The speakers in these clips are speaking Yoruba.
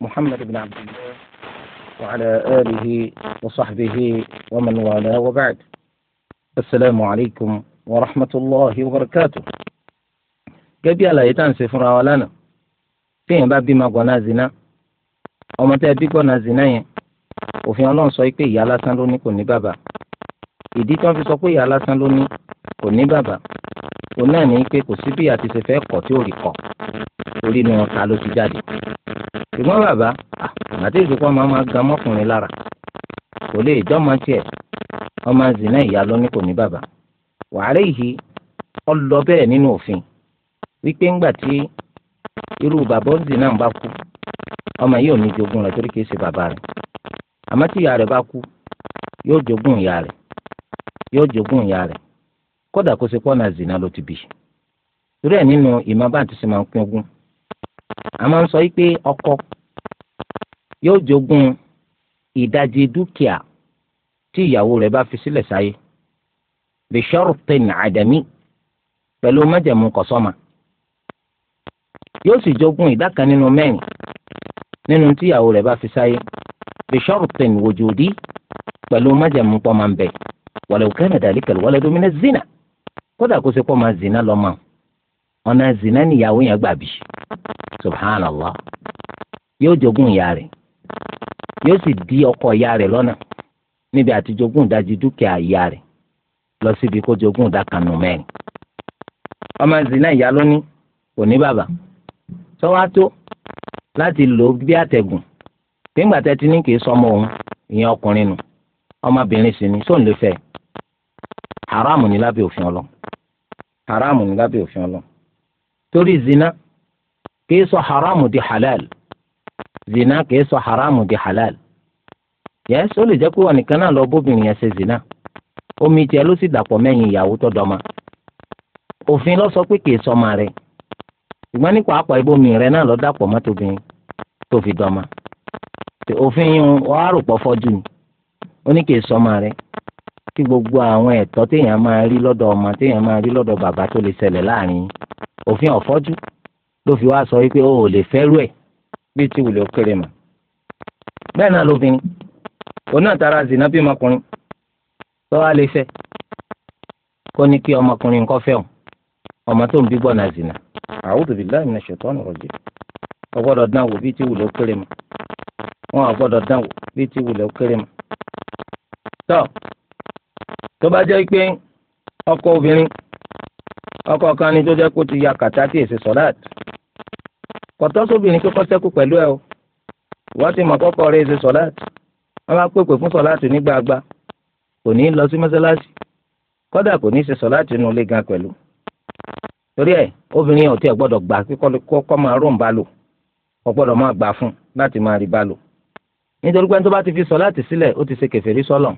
محمد بن عبد الله وعلى آله وصحبه ومن والاه وبعد السلام عليكم ورحمة الله وبركاته gẹ́gẹ́ bí àlàyé tá à ń ṣe fúnra wa lánàá téèyàn bá bímọ gbọ́nà zina ọmọ tẹ́ bí gbọ́nà zina yẹn òfin ọlọ́run sọ pé ìyá lásán ló ní kò ní bàbá ìdí tí wọ́n fi sọ pé ìyá lásán ló ní kò ní bàbá òun náà ní pé kò sí bí àti ṣe fẹ́ kọ̀ tí ò rí kọ̀ orí ni wọn ta ló ti jáde ṣùgbọ́n bàbá àti ìdúpọ̀ máa ma ga mọ́kùnrin lára kò lè jọ́mọ tiẹ̀ ọmọ zina ìyá lóní kò ní bàbá wàhálà yìí ọ lọ bẹ́ẹ̀ nínú òfin wípé ńgbà irú bàbá zina bá kú ọmọ yìí ò ní jogún rẹ̀ torí kìí ṣe bàbá rẹ̀ àmọ́ tí ìyá rẹ̀ bá kú yóò jogún ìyá yóò jogún ìyá kódà kó zina ló ti a máa ń sọ yìí pé ọkọ yóò jogún ìdajì dúkìá tí ìyàwó rẹ̀ bá fi sílẹ̀ sáyé bi shartin adami pẹ̀lú májẹ̀mú kọ̀sọ́mà yóò sì jogún ìdá kan nínú mẹ́rin nínú tí ìyàwó rẹ̀ bá fi sáyé bi shartin wujudi pẹ̀lú májẹ̀mú pọ̀ ń bẹ̀ walau kana dhalika alwaladu min az-zina kódà kó ṣe pọ̀ máa zina lọ́mọ ọ̀nà zina níyàwó yẹn gbà bí subhanallah yóò jogún ìyá rẹ̀ yóò sì di ọkọ ìyá rẹ̀ lọ́nà níbi àti jogún ìdajì dúkìá ìyá rẹ̀ lọ síbi kó jogún ìdákanu mẹ́rin ọmọ zina ìyá ló ní kò ní bàbá sọwọ́ tó láti lò ó bí àtẹ̀gùn nígbà tẹ́tí ní kì í sọmọ òun ìyẹn ọkùnrin nù ọmọbìnrin sì ni sóun lè fẹ́ haramu ni lábẹ́ òfin ọlọ́ haramu ni lábẹ́ òfin ọlọ́ torí zina kìí sọ haramu di halal zina kìí sọ haramu di halal yẹs ó lè jẹ́ pé wọn nìkan náà lọ bóbìnrin yẹn ṣe zina omi tiẹ̀ ló sì dàpọ̀ mẹ́yìn ìyàwó tó dọ́mọ òfin lọ sọ pé kìí sọ ọmọ rẹ̀ ìgbọ́n nípa àpọ̀ ibòmí rẹ̀ náà lọ dàpọ̀ mọ́tòbìnrin tó fi dọ́mọ òfin yìí wọ́n á rò pọ̀ fọ́jú ni ó ní kìí sọ ọmọ rẹ̀ kí gbogbo àwọn ẹ̀tọ́ téèyàn máa rí lọ́dọ̀ ọmọ téèyàn máa rí lọ́dọ̀ bàbá tó lè ṣẹlẹ̀ láàrin òfin ọ̀fọ́jú ló fi wá sọ wípé o ò lè fẹ́rù ẹ̀ bíi ti wùlé òkèrè mà bẹ́ẹ̀ náà lóbìnrin òun náà tara zina bí ọmọkùnrin tó wá lè fẹ́ kó ní kí ọmọkùnrin nǹkan fẹ́ o ọmọ tó ń bí gbọ́nà zina a'udhu billahi minash shaitani rajim ó gbọ́dọ̀ dán wò bíi ti wùlé òkèrè mà wọn ò gbọ́dọ̀ dán wò bíi ti wùlé òkèrè mà tó tó bá jẹ́ pé ọkọ obìnrin ọkọ kan ni tó jẹ́ kó ti ya kàtá tí èsì sọ̀láàtì kọ̀tọ́ sóbìnrin kíkọ́ sẹ́kù pẹ̀lú ẹ o wọ́n ti mọ̀ kọ́kọ́ rẹ̀ ṣe sọ̀láàtì wọ́n bá pèpè fún sọ̀láàtì ní gbàgbà kò ní lọ sí mọ́sálásì kọ́dà kò ní ṣe sọ̀láàtì nù lé gan pẹ̀lú torí ẹ obìnrin ọ̀tí ẹ̀ gbọ́dọ̀ gbà kíkọ́ máa rò bá lò ó gbọ́dọ̀ máa gbà fún láti máa rí bá lò nítorí pé tó bá ti fi sọ̀láàtì sílẹ̀ ó ti ṣe kèfèrí sọ́lọ̀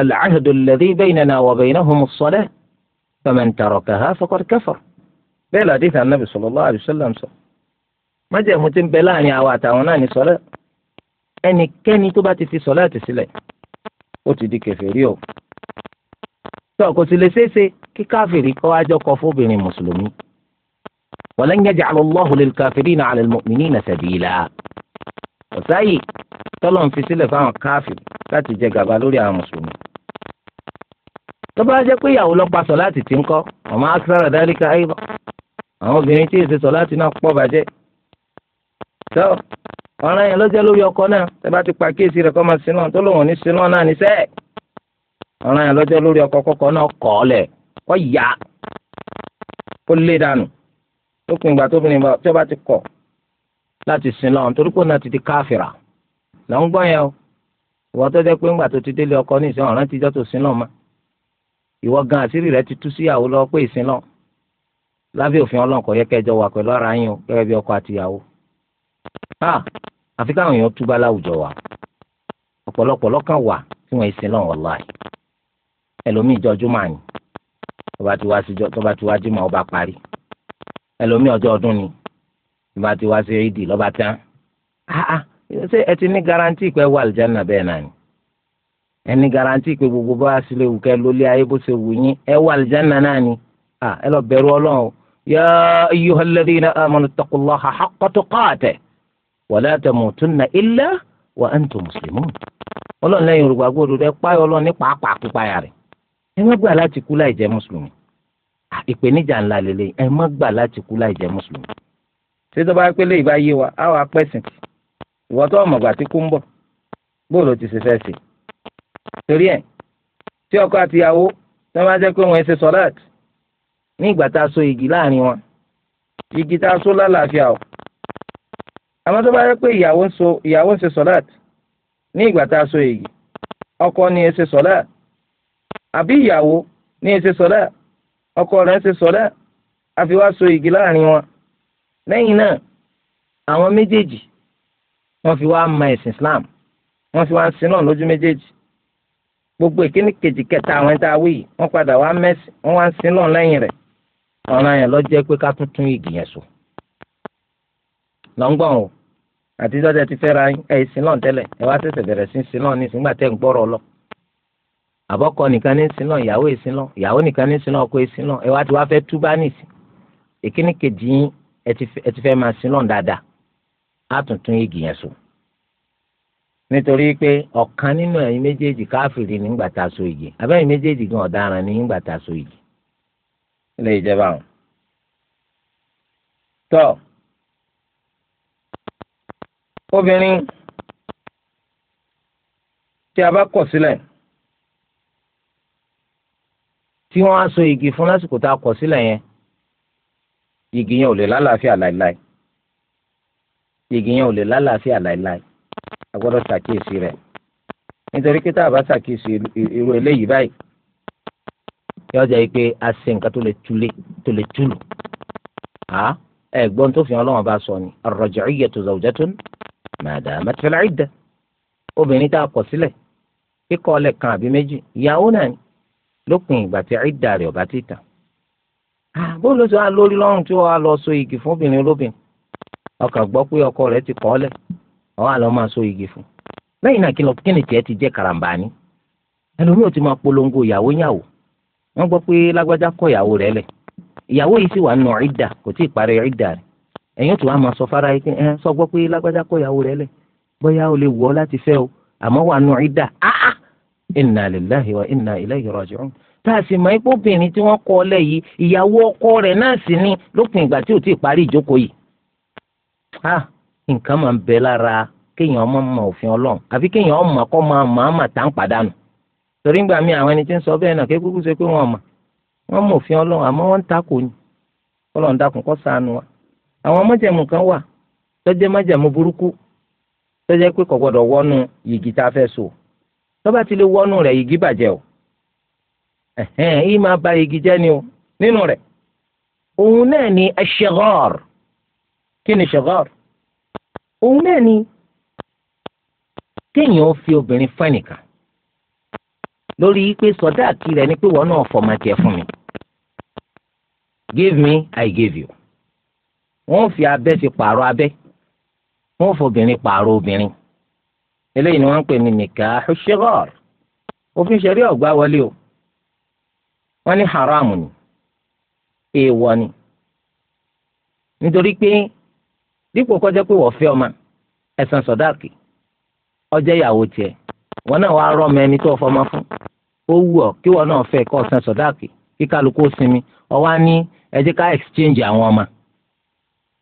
al-ahdu alladhi baynana wa baynahum as-salah faman tarakaha faqad kafar bẹ́ẹ̀ làdí ìtàn nàbì sallallahu alaihi wasallam sọ májẹ̀mú ti ń bẹ láàrin àwa àtàwọn náà ní sọlá ẹnikẹ́ni tó bá ti fi sọlá ti sílẹ̀ ó ti di kèfèrí o tó kò sì lè ṣeéṣe kí káfìrí kọ́ ajọ kọ fóbìnrin mùsùlùmí walan yaj'ala Allahu lil-kafirina 'ala al-mu'minina sabila ọ̀sáyì tọ́lọ̀ ń fi sílẹ̀ fáwọn káfìrí láti jẹ gàba lórí àwọn mùsùlùmí tó bá jẹ́ pé ìyàwó lọ́pàá sọ láti ti ń kọ́ ọ̀mọ́ akthara dhalika aydan tó ọ̀ràn yẹn lọ́jọ́ lórí ọkọ náà tẹ bá ti pa kéèsì rẹ̀ kọ́ máa sinú tó lòun ò ní sinú náà ní sẹ́ẹ̀ ọ̀ràn yẹn lọ́jọ́ lórí ọkọ kọ́kọ́ náà kọ́ ọ lẹ̀ kọ́ yá kó lé dànù lópin ìgbà tóbi nìbọn tí ó bá ti kọ̀ láti sin lọ́wọ́ nítorí pé náà ti di káfìrà lọ́ ń gbọ́ yẹn o ìwọ tó jẹ́ pé ńgbà tó ti délé ọkọ ní ìsìn ọ̀ràn tíjọ́ tó sin lọ́wọ́ mọ́ ìwọ gan àṣírí rẹ ti tú síyàwó lọ pé ìsìn lọ́wọ́ lábẹ́ òfin ọlọ́run kò yẹ kẹjọ wà pẹ̀lú ara yín o gẹ́gẹ́ bí ọkọ àtìyàwó Ha, ah, àfi káwọn èèyàn túbá láwùjọ wa ọ̀pọ̀lọpọ̀ lọ́kàn wà tí wọ́n ṣe lọ́wọ́ láì ẹlòmíì jọjú máa ní tọba tí wàá síjọ tọba tí wàá jímọ̀ ọba parí ẹlòmíì ọjọ́ ọdún ni tọba tí wàá sí ìdì lọ́ba tán ah, ah, ṣé ẹ ti ní garanti pé wà àlùjáná bẹ́ẹ̀ náà ni ẹ ní garanti pé gbogbo bá a sílẹ̀ wù kẹ́ lólé ayé bó ṣe wù yín ẹ wà àlùjáná náà ni ẹ lọ bẹ̀rù ọlọ́run yā ayyuhalladhīna āmanū ittaqullāha haqqa tuqātihi wala tamutunna illa wa antum muslimun ọlọ́run lẹ́yìn olùgbàgbọ́ òdodo ẹ páyọ ọlọ́run ní pàápàá pípáyà rẹ̀ ẹ má gbà láti kú láì jẹ́ mùsùlùmí ìpèníjà ńlá lélẹ̀ ẹ má gbà láti kú láì jẹ́ mùsùlùmí. ṣé bá pé lè yé wa á wàá pẹ̀sìn tì tó ọmọ gbà tí kú ń bọ̀ bóòlù ti ṣe fẹ́ sí. torí ẹ tí ọkọ àtìyàwó tó máa jẹ́ pé wọ́n ṣe sọ́láàtì ní ìgbà tá a so igi láàrin wọn igi tá a so lálàáfíà o àmọ́ tó bá yẹ pé ìyàwó ń so ìyàwó ń ṣe ní ìgbà tá a so èyí ọkọ ni ẹ ṣe sọ́láàt àbí ìyàwó ni ẹ ṣe sọ́láàt ọkọ rẹ̀ ń ṣe sọ́láàt so igi láàrin wọn lẹ́yìn náà àwọn méjèèjì wọ́n fi wá ma ẹ̀sìn Islam wọ́n fi wá ń sin náà lójú méjèèjì gbogbo ìkíní kejì kẹta àwọn ẹ̀dá awé yìí wọ́n padà wá mẹ́sìn wọ́n wá ń náà lẹ́yìn rẹ̀ àti tẹ ti fẹ́ ra ẹ̀ sílọ̀n tẹ́lẹ̀ ẹ wá ṣẹ̀ṣẹ̀ bẹ̀rẹ̀ sí sílọ̀n ní ìsìngbà tẹ̀ ń gbọ́rọ̀ lọ. àbọ̀kọ nìkan ní sílọ̀n ìyàwó ìsìnlọ̀n ìyàwó nìkan ní ọkọ ẹ wá ti wá fẹ́ nìsí. kejì yín ẹ ti fẹ́ máa dáadáa á tún tún igi yẹn so. nítorí pé ọ̀kan nínú ẹ̀yin méjèèjì káfìrí obìnrin tí a bá kọ̀ sílẹ̀ tí wọ́n á so igi fún lásìkò tá a kọ̀ sílẹ̀ yẹn igi yẹn ò lè lálàáfíà láéláé igi yẹn ò lè lálàáfíà láéláé a gbọ́dọ̀ ṣàkíyèsí rẹ̀ nítorí pé tá a bá ṣàkíyèsí irú eléyìí báyìí yóò jẹ́ pé a ṣe nǹkan tó lè túlé tó lè túlù ẹ̀gbọ́n tó fi hàn lọ́wọ́ bá sọ ni ar-raj'iyyatu zawjatun ما دامت في العدة obìnrin tá a kọ̀ sílẹ̀ kíkọ̀ ọ̀lẹ̀ kan àbí méjì ìyàwó náà ni lópin ìgbà tí àìdá rẹ ọba ti tàn. bó ló ti wá lórí lọ́rùn tí wọ́n á lọ so igi fún obìnrin olóbìnrin ọkàn gbọ́ pé ọkọ rẹ ti kọ̀ ọ̀lẹ̀ ọ̀hún àlọ́ máa so igi fún. lẹ́yìn náà ti jẹ́ karambà ni ẹlòmíì ò ti máa polongo ìyàwó yàwó wọ́n gbọ́ pé lágbájá ìyàwó lẹ̀ ìyàwó yìí sì wà nù kò tí ì ẹ̀yin tó wá máa sọ fara yìí ẹ sọ gbọ́ pé lágbájá kọ ìyàwó rẹ lẹ̀ bóyá o lè wù ọ́ láti fẹ́ o àmọ́ wà nù ìdá áá inna lillahi wa inna ilayhi raji'un tá a sì mọ ipò obìnrin tí wọ́n kọ ọ lẹ̀ yìí ìyàwó ọkọ rẹ̀ náà sì ni lópin ìgbà tí ò tí ì parí ìjókòó yìí. a nǹkan máa ń bẹ lára kéèyàn ọmọ mọ òfin ọlọ́run àfi kéèyàn ọmọ kọ́ máa mọ àmà tá ń pàdánù torí ńgbà mi àwọn ẹni tí ń sọ bẹ́ẹ̀ náà kékeré ṣe pé wọ́n mọ̀ wọ́n mọ òfin ọlọ́run àmọ́ wọ́n ń takò ní ọlọ́run dákun kó ṣàánú wa àwọn májẹ̀mú kan wà tó jẹ́ májẹ̀mú burúkú tó jẹ́ pé kò gbọ́dọ̀ wọnú yìgì tá a fẹ́ so tó bá ti lè wọnú rẹ̀ yìgì bàjẹ́ o ẹ̀hẹ́n yìí máa ba yìgì jẹ́ ni o nínú rẹ̀ òun náà ni aṣẹ́gọ́r kí ni ṣẹ́gọ́r òun náà ni kéèyàn ó fi obìnrin fún ẹnìkan lórí pé sọdáàkì rẹ̀ ni pé wọ́n náà fọmọ tiẹ̀ fún mi give me I give you wọ́n fi abẹ fi pààrọ̀ abẹ wọ́n fobìnrin pààrọ̀ obìnrin eléyìí ni wọ́n ń pè ní nìkàhù ṣígọ́r òfin ṣẹ̀rí ọ̀gbá wọlé o wọ́n ní haram ni ni nítorí pé dípò kọjá pé wọ́n fẹ́ ọmọ ẹ̀sán sọ̀dáàkì ọjọ́ ìyàwó tiẹ̀ wọn náà wàá ẹni tó fún ó wù ọ, kí náà fẹ́ kọ́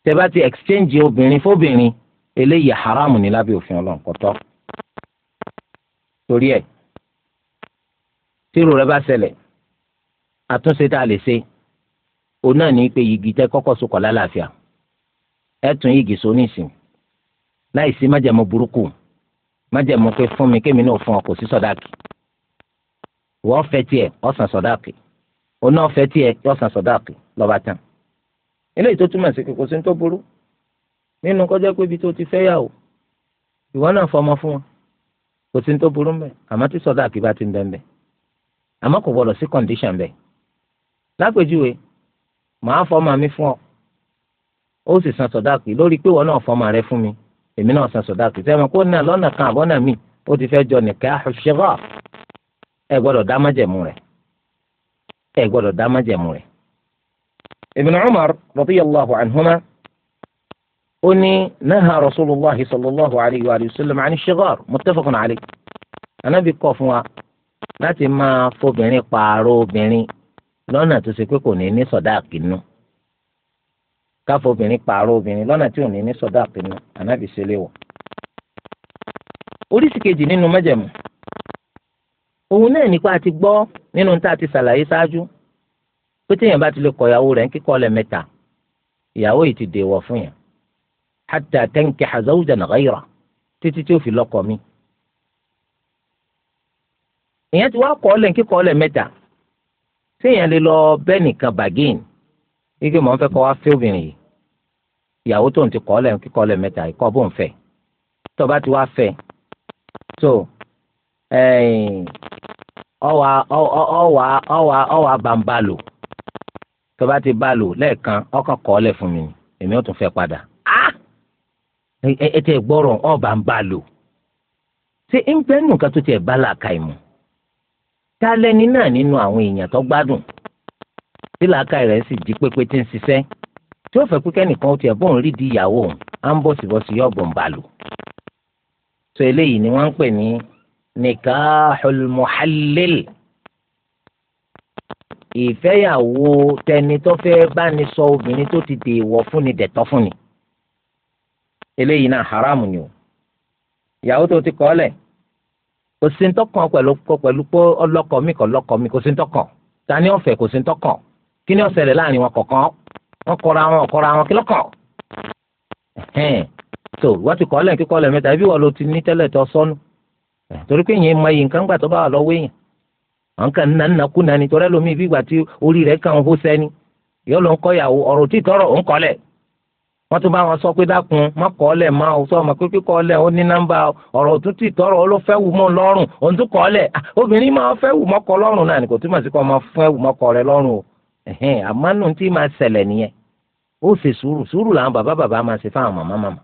tẹ́ ti exchange obìnrin fóbìnrin eléyìí haramu ní lábẹ́ òfin Ọlọ́run kò tọ́ torí ẹ̀ tírò rẹ bá ṣẹlẹ̀ àtúnṣe tá a lè ṣe òun náà ní pé yìgì tẹ́ kọ́kọ́ sokọ̀ lálàáfíà ẹ tún yìgì so nísìn láì sí májẹ̀mú burúkú májẹ̀mú pé fún mi kémi náà fún ọ kò sí sọdáàkì wọ́n fẹ́ tiẹ̀ ọ̀sán sọdáàkì òun náà fẹ́ tiẹ̀ ọ̀sán sọdáàkì lọ́ba tán eléyìí tó túmọ̀ sí kò sí ní tó burú nínú kọjá pé ibi tó ti fẹ́ yàwó ìwọ náà fọmọ fún wọn kò sí ní tó burú mbẹ àmọ́ tí sọdá àkìbá ti ń bẹ mbẹ àmọ́ kò gbọdọ̀ sí kọ̀ǹdíṣàn mbẹ lápèjúwe màá fọmọ mi fún ọ ó sì san sọdá àkì lórí pé ìwọ náà fọmọ rẹ fún mi èmi náà san sọdá àkì sẹ́wọ̀n kó náà lọ́nà kan àbọ́nà míì ó ti fẹ́ jọ nìkẹ́ àṣẹwà ẹ gbọdọ̀ dá rẹ̀ ẹ gbọdọ̀ dá rẹ̀ ibn umar radiyallahu anhuma ó ní naha rasulillah sallallahu alayhi wa sallam ani shigar muttafaqun alayhi anabi kọ̀ fún wa láti máa fobìnrin pààrọ̀ obìnrin lọ́nà tó ṣe pé kò ní ní sọ̀dáàkì nù káfobìnrin pààrọ̀ obìnrin lọ́nà tí ò ní ní sọ̀dáàkì nù anabi ṣe léwọ̀. oríṣi kejì nínú mẹ́jẹ̀mú òun náà nípa àti gbọ́ nínú tá a ti ṣàlàyé ṣáájú pé téèyàn bá ti lè kọ ìyàwó rẹ̀ ń kíkọ́ lẹ̀ mẹ́ta ìyàwó yìí ti dèwọ̀ fún yàn hatta tankiha zawjan ghayra títí tí ó fi lọ́kọ mi. ìyẹn ti wá kọ́ lẹ̀ ń kíkọ́ lẹ̀ mẹ́ta téèyàn lè lọ bẹ́ẹ̀ nìkan bàgẹ́ẹ̀nì igi mọ̀ ń fẹ́ kọ́ wá fẹ́ obìnrin yìí ìyàwó tó ń ti kọ́ lẹ̀ ń kíkọ́ lẹ̀ mẹ́ta ìkọ́ bó ń fẹ́ tó ti wá fẹ́ so ọwà ọwà ọwà ọwà bàǹbà lò tó bá ti bá lò lẹ́ẹ̀kan ọkàn kọ́ ọ́lẹ̀ fún mi ni èmi ò tún fẹ́ padà ah! ẹ tẹ gbọ́rọ̀ ọba ń bá lò ṣé ń bẹ́ẹ̀ nù ká tó tiẹ̀ bá làákà ìmọ̀ ta lẹni náà nínú àwọn èèyàn tó gbádùn tí làákà rẹ̀ sì jí pépé tí ń ṣiṣẹ́ tí ó fẹ́ pé kẹ́nìkan ó tiẹ̀ bóun rí di ìyàwó òun á ń bọ̀sibọ̀si yọ̀bọ̀ ń bá lò so eléyìí ni wọ́n ń pè ní nikahul muhallil ìfẹ́yàwó tẹni tó fẹ́ bá ní sọ obìnrin tó ti dèèwọ̀ fún ni dẹ̀tọ́ fún ni eléyìí náà haram ni o ìyàwó tó ti kọ́ lẹ̀ kò sí ntọ́kàn pẹ̀lú pẹ̀lú pé ọlọ́kọ mi kò lọ́kọ mi kò sí ntọ́kàn ta ni ọ̀fẹ́ kò sí ntọ́kàn kí ni ó ṣẹlẹ̀ láàrin wọn kọ̀ọ̀kan wọn kọra wọn ọ̀kọra wọn kí lọ́kàn ẹ̀hẹ́n tó wọ́n ti kọ́ lẹ̀ kíkọ́ lẹ̀ mẹ́ta ibi wọ́n ló ti ní tẹ́lẹ̀ tó sọnù torí pé yẹn mọ àwọn kan nà nàkú nani tọrẹ lomi bí ìgbà ti orí rẹ̀ kàn hó sẹni yóò lọ ń kọ ìyàwó ọ̀rọ̀ tí tọrọ ń kọlẹ wọn tún bá wọn sọ pé dákun má kọ má sọ ma pé kíkọ ọlẹ ó ní nọ́mbà ọ̀rọ̀ tọrọ ó ló fẹ́ wù mọ́ lọ́rùn òun tún kọ obìnrin máa fẹ́ wù mọ́kọ lọ́rùn náà ni kò túmọ̀ sí kọ́ máa fẹ́ wù mọ́kọ rẹ̀ lọ́rùn o àmọ́nù tí máa ṣẹlẹ̀ nìyẹn ó ṣe sùúrù sùúrù làwọn bàbá bàbá ṣe fáwọn màmá màmá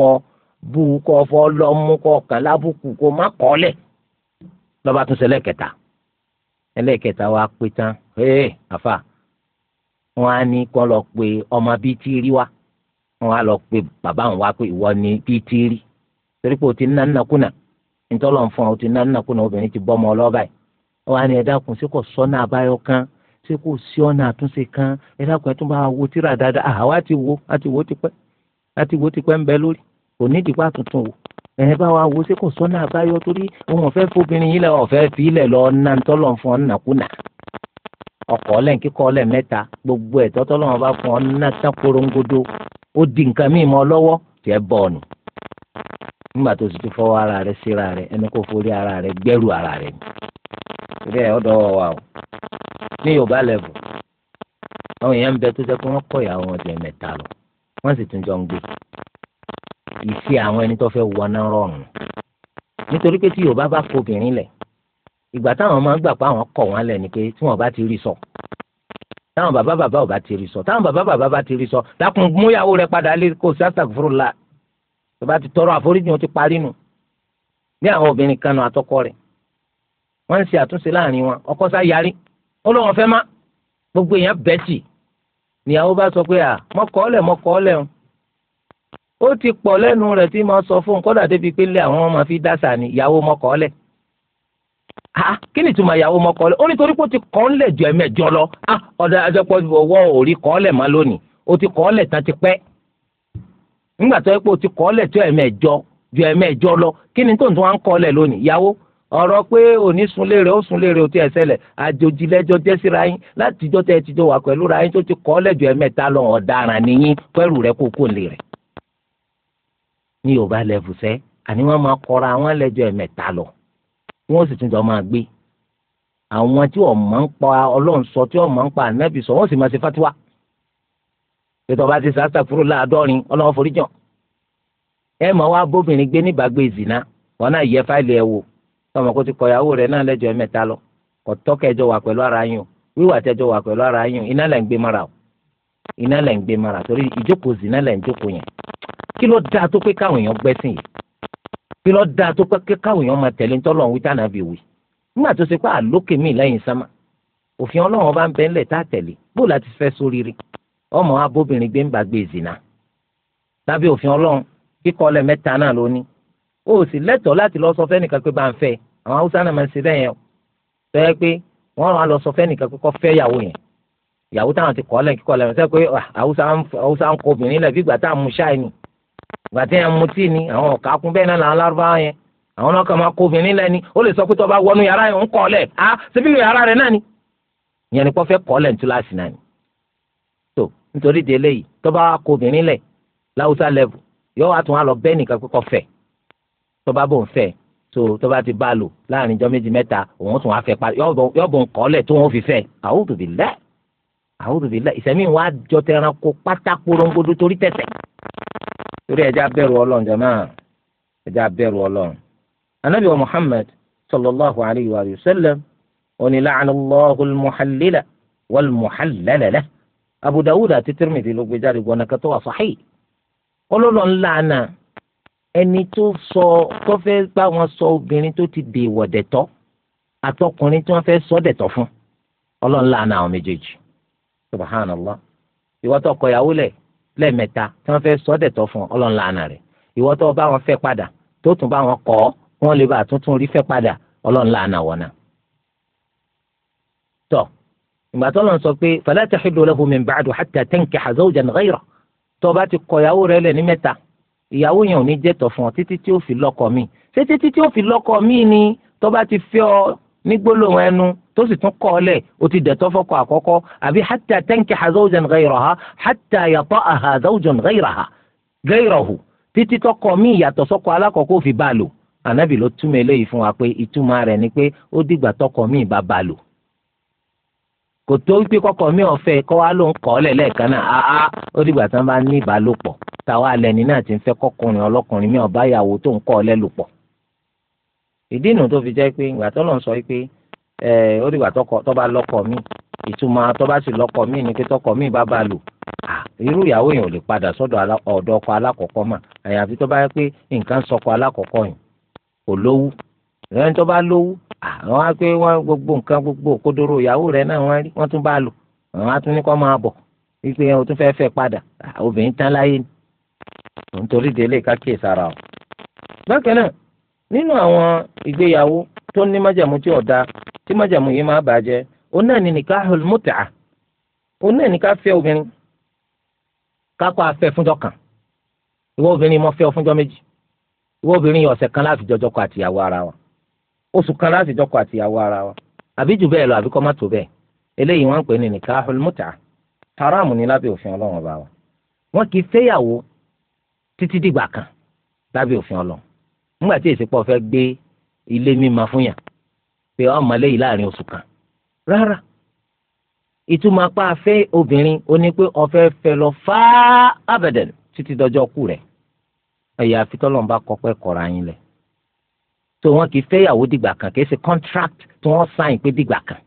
ọ bú kọ́ fọ́ lọ́mú kọ́ kàn lábùkù kó má kọ́ lọ́ba tún kẹta ẹlẹ́kẹta wa pé tán ee àfà wọn á ní kọ́ lọ pé ọmọ bíi ti rí wa wọn á lọ pé bàbá òun wá ni bíi rí torí pé o ti ná nàkúnà ntọ́lọ̀ ń fún ọ o ti ná nàkúnà obìnrin ti bọ́mọ ọlọ́ba yìí wọn á ní ẹ dákun sí kò sọ́nà kan sí kò sí kan ẹ dákun ẹ tún bá wo tíra dáadáa àwa ti wo àti wo àti wo ń kò ní tuntun o ẹ bá wa wo ṣé kò sọ́nà àbáyọ torí òun ọ̀fẹ́ fóbìnrin yìí lẹ ọ̀fẹ́ fi ilẹ̀ lọ ná tọ́lọ̀ fún ọkọ̀ kíkọ́ mẹ́ta gbogbo ẹ̀tọ́ tọ́lọ̀ wọn bá fún ọ ná korongodo ó di nǹkan míì lọ́wọ́ tiẹ̀ bọ̀ ara rẹ̀ síra ara rẹ̀ gbẹ́rù ara rẹ̀ ni ẹ̀ o ní yorùbá lẹ́vù àwọn èèyàn ń bẹ tó jẹ́ pé wọ́n kọ̀ ìyàwó wọn ìṣe àwọn ẹni tó fẹ́ wọná rọrùn nítorí pé tí yorùbá bá fobìnrin lẹ̀ ìgbà táwọn máa ń gbà pé àwọn kọ̀ wọ́n lẹ̀ ni pé tí wọ́n bá ti rí sọ táwọn bàbá bàbá ò bá ti rí sọ táwọn bàbá bàbá bá ti rí sọ dákun múyàwó rẹ padà lé kó sàṣàfúrò la tó bá ti tọrọ àforíjì wọn ti parí nù ní àwọn obìnrin kan nù àtọkọ rẹ̀ wọ́n ń ṣe àtúnṣe láàrin wọn ọkọ sá yarí ó lóun fẹ́ má gbogbo èèyàn bẹ́ẹ̀ tì níyàwó bá sọ pé à mọ́kọ́ lẹ̀ mọ́kọ́ lẹ̀ ń ó ti pọ̀ lẹ́nu rẹ̀ tí máa sọ fún un kódà débi pé lé àwọn ọmọ fi dáṣà ní ìyàwó mọ́kọ́lẹ̀ kí ni ìtumọ̀ ìyàwó mọ́kọ́lẹ̀ ó pé ti kọ́ ńlẹ̀ jọ lọ ọ̀dà àjọpọ̀ wọ́ òrí kọ́ọ̀lẹ̀ má lónìí ó ti kọ́ọ̀lẹ̀ tán ti pẹ́ nígbà tó yẹ pé ó ti kọ́ọ̀lẹ̀ tó ẹ̀mẹ́jọ jọ ẹ̀mẹ́jọ lọ kí ni tó ìyàwó ọ̀rọ̀ pé ó ti ẹ̀sẹ̀ lẹ̀ àjòjìlẹ́jọ́ jẹ́ jọ lọ ọ̀daràn pẹ̀lú ní yorùbá lẹ́fù sẹ́ àní wọ́n máa kọ́ra àwọn lẹ́jọ́ ẹ̀mẹ́ta lọ wọ́n sì tún jọ máa gbé àwọn tí wọ́n máa ń pa ọlọ́run sọ tí wọ́n máa ń pa ànábì sọ wọ́n sì máa ṣe fatiwa ètò ọba ti sàásà kúrò láàdọ́rin ọlọ́run forí jàn ẹ mọ̀ wá bóbìnrin gbé níbàgbé ìzìnà wọn náà yẹ fáìlì ẹ wò tọmọ kó ti kọ ìyàwó rẹ náà lẹ́jọ́ ẹ̀mẹ́ta lọ ọ̀tọ́ kẹjọ wà pẹ̀lú ara yín wíwà tẹjọ wà pẹ̀lú ara yín iná lẹ̀ ń gbé mara o iná lẹ̀ ń gbé mara torí ìjókòó zìnà lẹ̀ ń jókòó yẹn kí ló dáa tó pé káwọn èèyàn gbẹ́sìn yìí kí ló dáa tó pé káwọn èèyàn máa tẹ̀lé ńtọ́lọ̀ wí tànà bí wí nígbà tó ṣe pé àlókè míì lẹ́yìn sámà òfin ọlọ́run bá ń bẹ ńlẹ̀ tá a tẹ̀lé bó láti fẹ́ sórí rí ọmọ abóbìnrin gbé ń gbàgbé ìzìnà lábẹ́ òfin ọlọ́run kíkọ́lẹ̀ mẹ́ta náà lóní o sì lẹ́tọ̀ọ́ láti lọ sọ fẹ́nìkan pé bá ń fẹ́ àwọn haúsá náà máa ń ṣe gbàtí ẹ̀ ń mutí ni àwọn ọ̀ka kún bẹ́ẹ̀ náà làwọn lárúbáwá yẹn àwọn náà kàn máa kó obìnrin lẹ́ni ó lè sọ pé tó bá wọnú yàrá yẹn ń kọ́ lẹ̀ á síbí nu yàrá rẹ̀ náà ni ìyẹn ni kò fẹ́ kọ́ lẹ̀ ntúláàsì náà ni. tó nítorí délé yìí tó bá kó obìnrin lẹ̀ láwùsá lẹ́vù yóò wá tún wá lọ bẹ́ẹ̀ nìkan pé kọ́ fẹ́ tó bá bò ń fẹ́ tó tó bá ti bá lò láàrin ijọ́ méjì mẹ́ta òun tún wá fẹ́ parí yóò bò ń kọ́ lẹ̀ tó wọn torí ẹja bẹ̀rù ọlọ́run jàmáà ẹja bẹ̀rù ọlọ́run anabi wa muhammad sallallahu alayhi wa sallam oni laana allahu almuhalila walmuhalalala abu dawud àti tirmidhi ló gbé jáde gbọ́nà kátó wà sahih ọlọ́lọ́ ńlá náà ẹni tó sọ tó fẹ́ bá wọn sọ obìnrin tó ti dèèwọ̀ dẹ̀tọ́ àtọkùnrin tí wọ́n fẹ́ sọ dẹ̀tọ́ fún ọlọ́run ńlá àwọn méjèèjì subhanallah ìwọ́tọ̀ kọ̀yàwó lẹ̀ lẹ́ẹ̀mẹ́ta tí wọ́n fẹ́ sọ dẹ̀tọ́ fún ọlọ́run làánà rẹ̀ ìwọ tó bá wọn fẹ́ padà tó tún bá wọn kọ́ wọn lè bá tuntun rí fẹ́ padà ọlọ́run wọn náà. tọ́ ìgbà tó lọ́n sọ pé fala tahillu lahu min ba'du hatta tankiha zawjan ghayra tó bá ti kọ ìyàwó rẹ̀ lẹ̀ ní mẹ́ta ìyàwó yẹn ò ní jẹ́tọ̀ fún ọ títí tí ó fi lọ́kọ mi ṣé títí tí ó fi lọ́kọ mi ni tó bá ti fẹ́ ọ ní gbólóhùn ẹnu tó sì tún kọ́ ọ́lẹ̀ o ti dẹ̀tọ́ fọ́kọ àkọ́kọ́ àbí hatta tankiha zawjan ghayraha hatta yata'aha zawjan ghayraha ghayrahu títí tọkọ mí ìyàtọ̀ sọ́kọ alákọ̀ọ́kọ́ fi bá a lò ànábì ló túmọ̀ eléyìí fún wa pé ìtumọ̀ rẹ̀ ni pé ó dìgbà tọkọ mí ìbá bá a lò kò tó wípé kọkọ mi ọ̀fẹ́ kọ́ wa ló ń kọ́ ọ́lẹ̀ lẹ́ẹ̀kan náà áá ó dìgbà tí wọ́n bá ní ìbálòpọ̀ táwa lẹni náà ti ń fẹ́ kọkùnrin ọlọ́kùnrin mi ọ̀bá tó ń kọ́ ọ́lẹ̀ lò ìdí inú tó fi jẹ́ pé ìgbà tó lọ́n sọ pé ó tọba ìgbà tó bá lọ́kọ̀ mi ìtumọ̀ tó bá sì lọ́kọ mi ni pé tọkọ mi bá bá lò irú ìyàwó yẹn ò lè padà sọ́dọ̀ ọ̀dọ̀ ọkọ alákọ̀ọ́kọ́ mà àyàfi tó bá yẹ pé nǹkan sọkọ alákọ̀ọ́kọ́ yẹn kò lówú tó bá àwọn pé wọ́n gbogbo nǹkan gbogbo òkodoro ìyàwó rẹ náà wọ́n rí wọ́n tún bá lò àwọn á tún ní máa bọ̀ padà obìnrin tán nínú àwọn ìgbéyàwó tó ní májàmú tí ọ̀dà tí májàmú yìí máa bàjẹ́ òun náà ní nikahul mut'a òun náà ní ká fẹ́ obìnrin kápá afẹ́ fúnjọ́ kan ìwọ obìnrin mọ́ fẹ́ ọ fúnjọ́ méjì ìwọ obìnrin yìí ọ̀sẹ̀ kan láti jọjọ́ kọ àtìyàwó ara wa oṣù kan láti jọkọ àtìyàwó ara wa àbí jù bẹ́ẹ̀ lọ àbí kọ́ má tó bẹ́ẹ̀ eléyìí wọ́n ń pè ní nikahul mut'a haram ni lábẹ́ òfin ọlọ́run ọba wa wọn kì í fẹ́yàwó títí dìgbà kan lábẹ́ òfin ọlọ́run nígbà tí èsì pọ̀ fẹ́ gbé ilé mímọ fún yàn pé ọmọ lẹ́yìn láàrin oṣù kan rárá ìtumọ̀ apá afẹ́ obìnrin ó ní pé ọ̀fẹ́ fẹ́ lọ fá abẹ́dẹ̀n títí dọjọ́ kú rẹ̀ ẹ̀yà àfitọ́lọ́mbà kọ́pẹ́ kọ̀ra yín lẹ̀ tó wọn kì í fẹ́yàwó dìgbà kan kì í ṣe contract tí wọ́n sáyìn pé dìgbà kan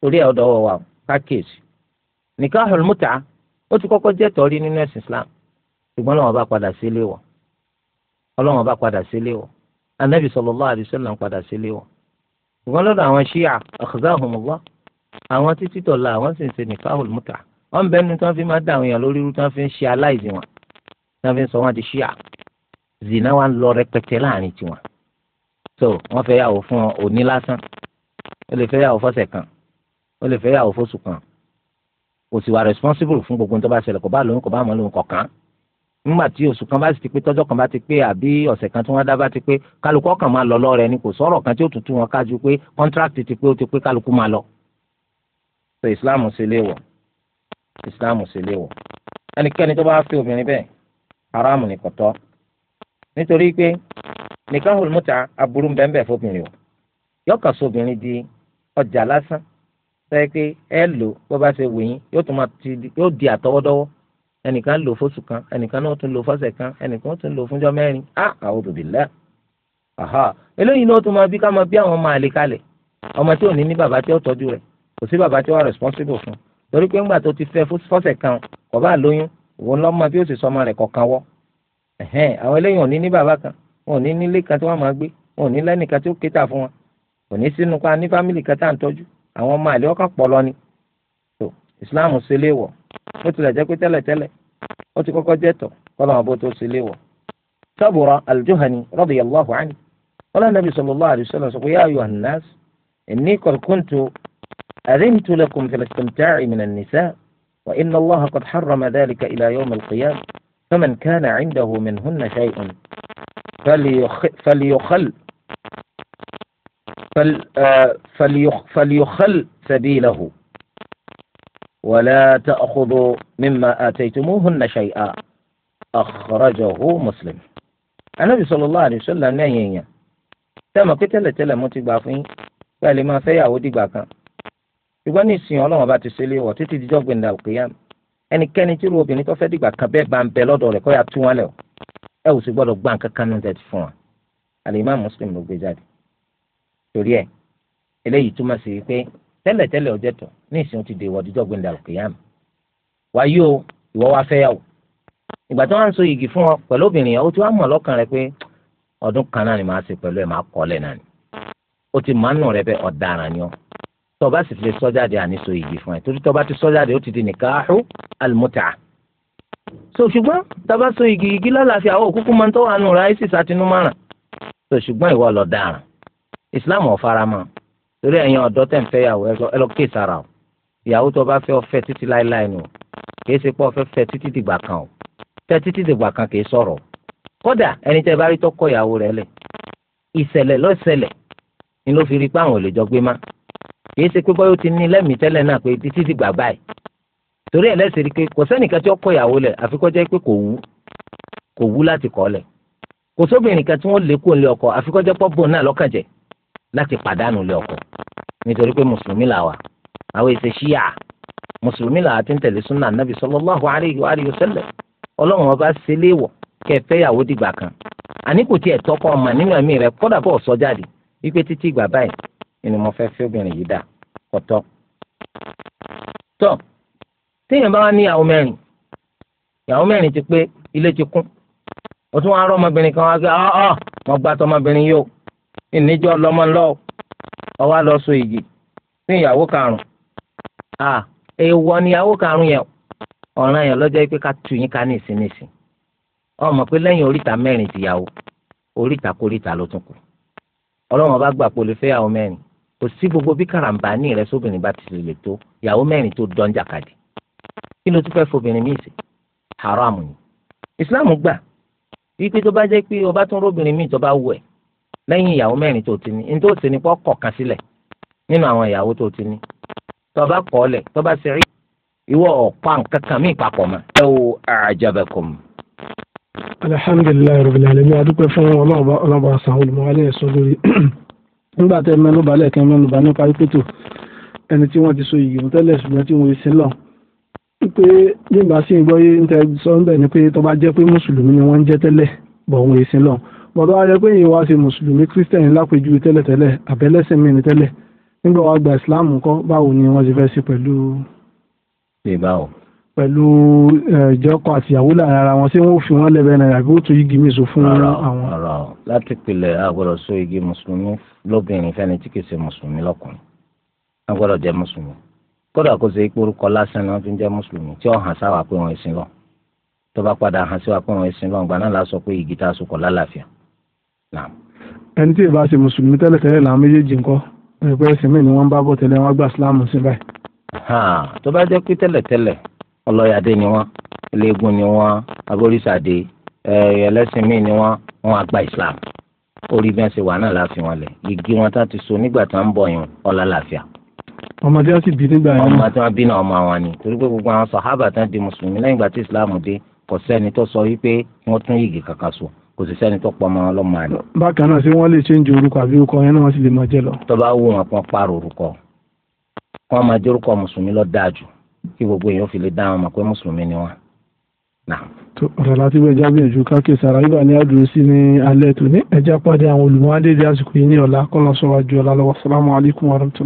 torí ẹ̀ ọ̀dọ̀ wa package nikahul muta ó ti kọ́kọ́ jẹ́ tọ́rí nínú ẹ̀sìn Islam ṣùgbọ́n làwọn bá padà sí ilé wọn ọlọ́run bá padà sílé o anabi sallallahu alaihi wasallam padà sílé o ìwọ́n lọ́dọ̀ àwọn ṣíà akhzahumullah àwọn títí tọ̀la àwọn sì ń ṣe nikahul muta wọ́n bẹ́ẹ̀ ni tí wọ́n fi máa dá àwọn èèyàn lórí irú tí wọ́n fi ń ṣe aláìsí wọn tí wọ́n fi ń sọ wọn di ṣíà zina wa ń lọ rẹpẹtẹ láàrin tiwọn so wọ́n fẹ́ yàwó fún òní lásán ó lè fẹ́ yàwó fọ́sẹ̀ kan ó lè fẹ́ yàwó fóṣù kan kò sì wà responsible fún gbogbo tó bá ṣẹlẹ̀ kò bá lóun kò bá mọ́ lóun kọ̀ọ̀kan nígbà tí oṣù kan bá ti pé tọ́jọ́ kan bá ti pé àbí ọ̀sẹ̀ kan tí wọ́n dá bá ti pé kálukú ọkàn máa lọ lọ́rẹ̀ ni kò sọ̀rọ̀ kan tí ó tutù wọn kájú pé kọ́ńtrákìtì ti pé ó ti pé kálukú máa lọ. sọ ìsìláàmù sí ilé wọ̀ ìsìláàmù sí ilé wọ̀ ẹnikẹ́ni tó bá fi obìnrin bẹ́ẹ̀ haramu ni kò tọ́ nítorí pé nikahul muta aburú bẹ́ẹ̀ fóbìnrin o yọkà sóbìnrin di ọjà lásán sọ pé ẹ lò bó bá ṣe wù yín yóò ẹnìkan lò fóṣù kan ẹnìkan náà tún lò fọ́sẹ̀ kan ẹnìkan tún lò fúnjọ́ mẹ́rin á ah, a'udhu billah aha eléyìí náà tún máa bí ká máa bí àwọn ọmọ àlè kalẹ̀ ọmọ tí ò ní ní bàbá tí ó tọ́jú rẹ̀ kò sí bàbá tí ó wà responsible fún torí pé ńgbà tó ti fẹ́ fọ́sẹ̀ kan kò bá lóyún òun lọ́mọ bí ó sì sọmọ rẹ̀ kọ̀ọ̀kan wọ́ ẹ̀hẹ́n àwọn eléyìí ò ní ní bàbá kan ò ní ní lẹ́nìkan so Islam ṣe ó ti lè jẹ́ pé tẹ́lẹ̀tẹ́lẹ̀ ó ti kọ́kọ́ jẹ́ tọ̀ kọ́ lọ́wọ́ bó tó ṣe léwọ̀. Sabura rọ́bì juhani radiyallahu anhu qala nabi sallallahu alayhi wa sallam sọ pé ya ayò ànàs ẹ̀ní inni qad kuntu adhintu lakum fil istimta'i min nisa wa inna allaha qad harrama dhalika ila yawm al-qiyamah faman kana 'indahu minhunna shay'un فليخل فليخل سبيله ولا تأخذوا مما آتيتموهن شيئا أخرجه مسلم النبي صلى الله عليه وسلم نهي tẹ́mọ̀ pé tẹ́lẹ̀tẹ́lẹ̀ mo ti gbà fún yín pé ẹ lè máa fẹ́yàwó dìgbà kan ṣùgbọ́n ní ìsìn ọlọ́run bá ti ṣe léwọ̀ títí dijọ́ gbẹ̀ndà òkèèyàn ẹnikẹ́ni tí irú obìnrin tó fẹ́ dìgbà kan bẹ́ẹ̀ bá ń bẹ lọ́dọ̀ rẹ̀ kó yà tú wọn lẹ̀ ẹ ò sì gbọ́dọ̀ gbà nǹkan kan nù fún wa àlè má mùsùlùmí ló gbé jáde torí ẹ eléyìí túmọ̀ sí pé tẹ́lẹ̀tẹ́lẹ̀ ọjọ́ tọ̀ ní ìsìn ti dèwọ̀ ọdúnjọ́ gbẹ̀ndà kìyàmù wáyé o ìwọ wá fẹ́ yàwó ìgbà tó wá ń so igi fún ọ pẹ̀lú obìnrin yẹn ó ti wá mọ̀ lọ́kàn rẹ pé ọdún kan náà ni màá ṣe pẹ̀lú ẹ̀ máa kọ́lẹ̀ náà ni ó ti máa ń nù rẹ bẹ́ẹ̀ ọ̀daràn ni ọ tó bá sì fi lè sọ jáde àní so igi fún ẹ torí tó bá ti sọ jáde ó ti di nìkahu alimuta so ṣùgbọ́n tá a bá so igi igi lálàáfíà ó kúkú máa ń tọ́wọ́ àánú rẹ àìsí sàtinú márùn so ṣùgbọ́n ìwọ lọ dáràn ìsìláàmù ọ̀farama torí ẹ̀yin ọ̀dọ́ tẹ̀ ń fẹ́ yàwó ẹ lọ kéè sára o ìyàwó tó bá fẹ́ ọfẹ́ títí láéláé ni o kìí ṣe pé ọfẹ́ fẹ́ títí dìgbà kan o fẹ́ títí dìgbà kan kìí sọ̀rọ̀ kódà ẹni tẹ́ bá rí tó kọ ìyàwó rẹ̀ lẹ̀ ìṣẹ̀lẹ̀ lọ́sẹ̀lẹ̀ ni ló fi rí pé àwọn ò lè jọ gbé má kìí ṣe pé bọ́yọ̀ ti ní lẹ́mìí tẹ́lẹ̀ náà pé títí dìgbà báyìí torí ẹ̀ lẹ́sẹ̀ rí láti pàdánù lé ọkọ nítorí pé mùsùlùmí làwà àwọn èsè ṣíyà mùsùlùmí làwà ti ń tẹ̀lé súnà nàbì sallallahu alayhi wa alihi wa sallam ọlọ́run ọba ṣe léèwọ̀ kẹ fẹ́yàwó dìgbà kan àní kò tiẹ̀ tọ́kọ ọmọ nínú ẹ̀mí rẹ kọ́dà bọ̀ sọ jáde wípé títí ìgbà báyìí ni mo fẹ́ fẹ́ obìnrin yìí dà kọ́tọ́. tọ́ téèyàn bá wá ní ìyàwó mẹ́rin ìyàwó mẹ́rin ti pé ilé ti kún ó tún wá rọ́ ọmọbìnrin kan wá pé ọ́ ọ́ mo gbá tọmọbìnrin yìí o ìníjọ́ ọlọ́mọ ńlọ ọwọ́ lọ so ìyè fún ìyàwó karùn-ún à ni ìyàwó karùn-ún yẹn ọ̀ràn yẹn lọ́jọ́ pé ká tu yín ká ní ìsinmi sí ọmọ pé lẹ́yìn oríta mẹ́rin tìyàwó oríta kóríta ló tún kù ọlọ́run bá gbà pé olè fẹ́ ìyàwó mẹ́rin kò sí gbogbo bí karambani rẹ sóbìnrin bá ti lè tó ìyàwó mẹ́rin tó dán jàkadì kí ló tún fẹ́ fobìnrin míì sí haram ni Islam gbà wípé tó bá jẹ́ pé ọba tún róbìnrin míì tó bá wù ẹ́ lẹ́yìn ìyàwó mẹ́rin tó ti ní ní tó sì ní pọ́ kọ̀ọ̀kan sílẹ̀ nínú àwọn ìyàwó tó ti ní tọba kọ́ọ̀lẹ̀ tọba sẹ́rí ìwọ ọ̀pá nkankan mí papọ̀ mọ́. ẹ wo àjàbẹ̀kùn. alihamdulilayi rabil alamin adúpẹ́ fún ọlọ́ọ̀bá ọlọ́ọ̀bá sàn olùmọ̀wálẹ̀ ẹ̀sọ́ lórí nígbà tẹ mẹ́nu balẹ̀ kẹ́ mẹ́nu bá nípa ìpètò ẹni tí wọ́n ti so ìyìnbó tẹ́lẹ̀ ṣùgbọ́n tí wọ́n ṣe ni pé tọba jẹ́ pé mùsùlùmí ni wọ́n ń jẹ́ tẹ́lẹ̀ bọ̀ wọ́n bọ̀dọ̀ wá jẹ́ pé ìwà ṣe mùsùlùmí kírísítẹ̀nì lápèjúwe tẹ́lẹ̀tẹ́lẹ̀ àbẹ́lẹ́sìn mí ni tẹ́lẹ̀ nígbà wàá gba islam kọ́ báwo ni wọ́n ti fẹ́ sí pẹ̀lú. ṣe báwo. pẹ̀lú ìjọkọ àti ìyàwó láàrin ara wọn ṣé wọ́n fi wọ́n lẹ́bẹ̀ẹ́ náírà bí ó tún igi mi so fún àwọn. ọ̀rọ̀ láti pilẹ̀ agbọ́dọ̀ so igi mùsùlùmí lóbìnrin fẹ́ni tí kìí ṣe mùsùlùmí lọ́kùnrin agbọ́dọ̀ jẹ́ mùsùlùmí kódà kó ṣe pé orúkọ lásán ni wọ́n fi ń jẹ́ mùsùlùmí tí ó hàn sáwà pé wọ́n ẹ̀sìn lọ tó bá padà hàn síwà pé wọ́n ẹ̀sìn lọ gbà náà pé igi tá a lálàáfíà ẹni tí ìbá ṣe mùsùlùmí tẹ́lẹ̀ tẹ́lẹ̀ làwọn méjèèjì ńkọ́ ẹ̀pẹ́ ẹ̀sìn mi ni wọ́n bá bọ̀ tẹ́lẹ̀ wọ́n gbà síláàmù sí báyìí. tó bá jẹ́ pé tẹ́lẹ̀ tẹ́lẹ̀ ọlọ́yàdé ni wọ́n eléégún ni wọ́n agbórísàdé ẹlẹ́sìn mi ni wọ́n wọ́n àgbà islam orí bí wọ́n ṣe wà náà láfi wọn lẹ̀ igi wọn tá ti so nígbà tá ń bọ̀ yun ọlá láfíà. ọmọdé á sì bí nígbà yẹn. ọmọ ni torí pé gbogbo àwọn sàhábà tán kò sì sẹ́ni tó pọ̀ ọmọ ọlọ́mọ àlè. bákan náà ṣé wọ́n lè ṣe ń ju orúkọ àbí orúkọ yẹn náà wọ́n sì lè máa jẹ́ lọ. tó bá wù wọn kó pààrọ̀ orúkọ wọn máa jẹ́ orúkọ mùsùlùmí lọ dáa jù kí gbogbo èèyàn fi lè dá wọn mọ̀ pé mùsùlùmí ni wọn. tó ọ̀rọ̀ láti wọ ẹja gbìyànjú káàkiri sara ibà ní àdúró sí ní alẹ́ tó ní ẹja pàdé àwọn olùmọ̀ adé